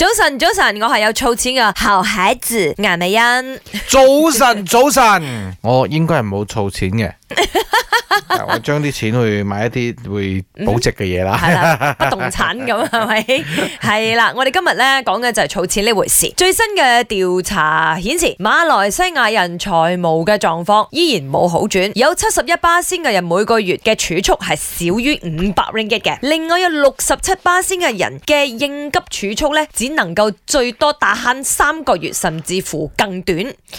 早晨，早晨，我係有儲錢嘅好孩子顏美欣。早晨，早晨， 我應該係冇儲錢嘅。 我將啲錢去買一啲會保值嘅嘢啦，係啦，不動產咁係咪？係啦，我哋今日咧講嘅就係儲錢呢回事。最新嘅調查顯示，馬來西亞人財務嘅狀況依然冇好轉，有七十一巴仙嘅人每個月嘅儲蓄係少於五百 Ringgit 嘅，另外有六十七巴仙嘅人嘅應急儲蓄咧只能夠最多打慳三個月，甚至乎更短。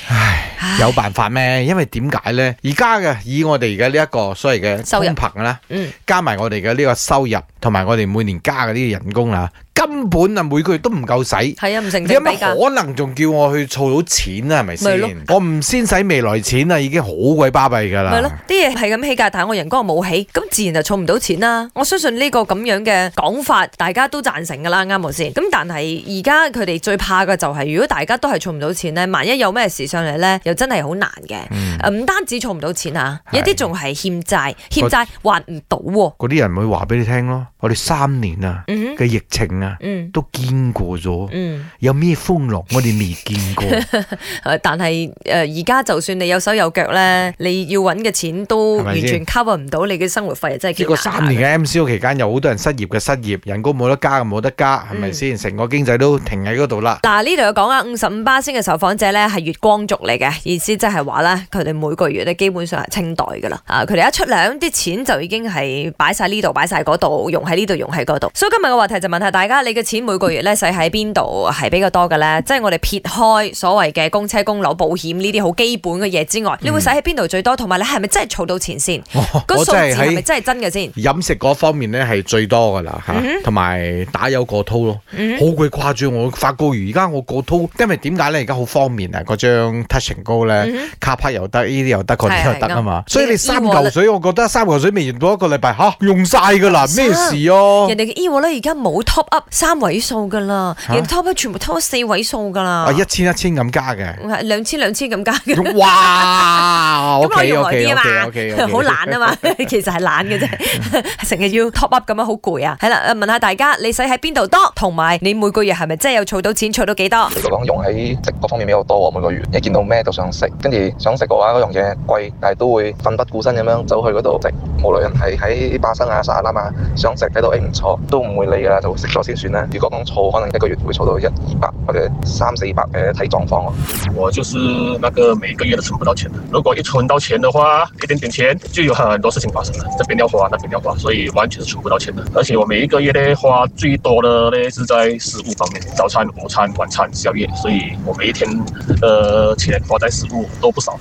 唉唉有辦法咩？因為點解呢？而家嘅以我哋而家呢一個所謂嘅工棚啦，嗯入，加埋我哋嘅呢個收入，同埋我哋每年加嘅呢啲人工啊。根本啊，每個月都唔夠使，係啊，唔成正比，可能仲叫我去儲到錢啊，係咪的先？我唔先使未來錢啊，已經好鬼巴閉噶啦。係咯，啲嘢係咁起價，但係我人工又冇起，咁自然就儲唔到錢啦啊。我相信呢個咁樣嘅講法，大家都贊成噶啦，啱唔啱先？咁但係而家佢哋最怕嘅就係，是，如果大家都係儲唔到錢咧，萬一有咩事上嚟咧，又真係好難嘅。唔，嗯啊，單止儲唔到錢啊，有啲仲係欠債，欠債還唔到啊。嗰啲人會話俾你聽咯。我哋三年啊嘅，嗯、哼疫情啊。.嗯，都見過咗，嗯，有咩風浪我哋未見過，誒， 但係誒而家就算你有手有腳咧，你要搵嘅錢都完全 cover 唔到你嘅生活費，係咪真係。結果三年嘅 MCO 期間，有好多人失業嘅失業，人工冇得加嘅，冇得加，係咪先？成個經濟都停喺嗰度啦。嗱，呢度有講啊，五十五巴仙嘅受訪者咧係月光族嚟嘅，意思即係話咧，佢哋每個月咧基本上係清袋噶啦，啊，佢哋一出糧啲錢就已經係擺晒呢度，擺晒嗰度，用喺呢度，用喺嗰度。所以今日嘅話題就問下大家。而家你嘅錢每個月咧使喺邊度係比較多嘅咧？即係我哋撇開所謂嘅供車、供樓、保險呢啲好基本嘅嘢之外，嗯、你會使喺邊度最多？同埋你係咪真係儲到錢先？我真係先？飲食嗰方面咧係最多噶啦，同埋、嗯哼啊、打油過濤咯，好鬼掛住我發。發覺而家我過濤，嗯、哼因為點解咧？而家好方便啊！嗰張 Touch 'n Go 咧，嗯、哼卡拍又得，呢啲又得，嗰啲又得啊嘛。的所以你三嚿水，我，我覺得三嚿水未用到一個禮拜吓，用晒噶啦，咩事哦、啊？人哋嘅 E 貨而家冇 top up。三位數噶啦，而吓 top up 全部 top 四位數噶啦。一千一千咁加嘅，兩,兩千兩千咁加嘅。哇！咁我要耐啲啊嘛，好懶啊嘛，其實係懶嘅啫，成日要 top up 咁樣好攰啊。係 啦，問下大家，你使喺邊度多？同埋、啊、 你，你每個月係咪真係有儲到錢？儲到幾多？我講用喺食嗰方面比較多啊，每個月一見到咩都想食，跟住想食嘅話嗰樣嘢貴，但係都會奮不顧身咁樣走去嗰度食。無論係喺巴新啊、沙拉嘛、啊，想食喺度誒唔錯，都唔會理噶，就會食咗先算啦。如果講儲，可能一個月會儲到一二百或者三四百嘅台中方咯。我就是那個每個月都存不到錢啦。如果一存到錢的話，一點點錢就有很多事情發生啦，這邊要花，那邊要花，所以完全是存不到錢的。而且我每一個月呢，花最多的呢，是在食物方面，早餐、午餐、晚餐、宵夜，所以我每一天誒、呃、錢花在食物都不少。